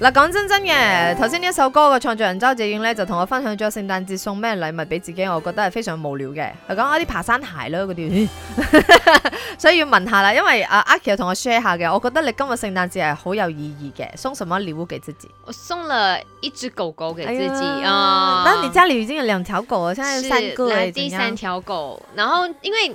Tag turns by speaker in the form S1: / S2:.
S1: 嗱，講真真嘅，頭先呢一首歌嘅創作人周志遠咧，就同我分享咗聖誕節送咩禮物俾自己，我覺得係非常無聊嘅。嚟講啲爬山鞋咯嗰啲， 所以要問下啦，因為阿阿 Aki 同我 share 下嘅，我覺得你今日聖誕節係好有意義嘅，送什麼禮物給自己？
S2: 我送了一隻狗狗給自己，哎，啊！但你
S1: 家裏已經有兩條狗啦，現在有三個誒，第三
S2: 條狗，然後因為。